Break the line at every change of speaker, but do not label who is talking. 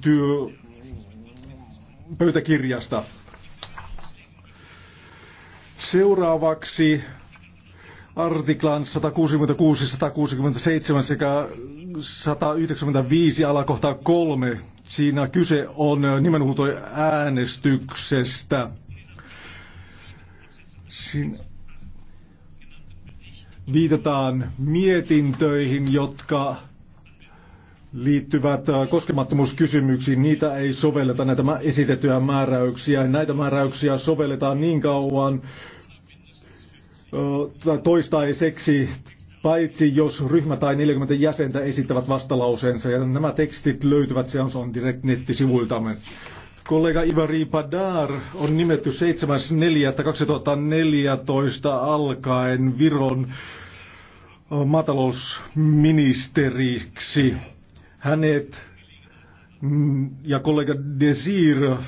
työ, pöytäkirjasta. Seuraavaksi artiklan 166, 167 sekä 195 alakohta 3. Siinä kyse on äänestyksestä Siin viitataan mietintöihin, jotka liittyvät äh, koskemattomuuskysymyksiin, niitä ei sovelleta näitä esitettyjä määräyksiä. Näitä määräyksiä sovelletaan niin kauan äh, toistaiseksi, paitsi jos ryhmä tai 40 jäsentä esittävät vastalauseensa. Ja nämä tekstit löytyvät Seans on Direct nettisivuiltamme. Kollega Ivari Padar on nimetty 7.4.2014 alkaen Viron äh, maatalousministeriksi. Hänet mm, ja kollega Desir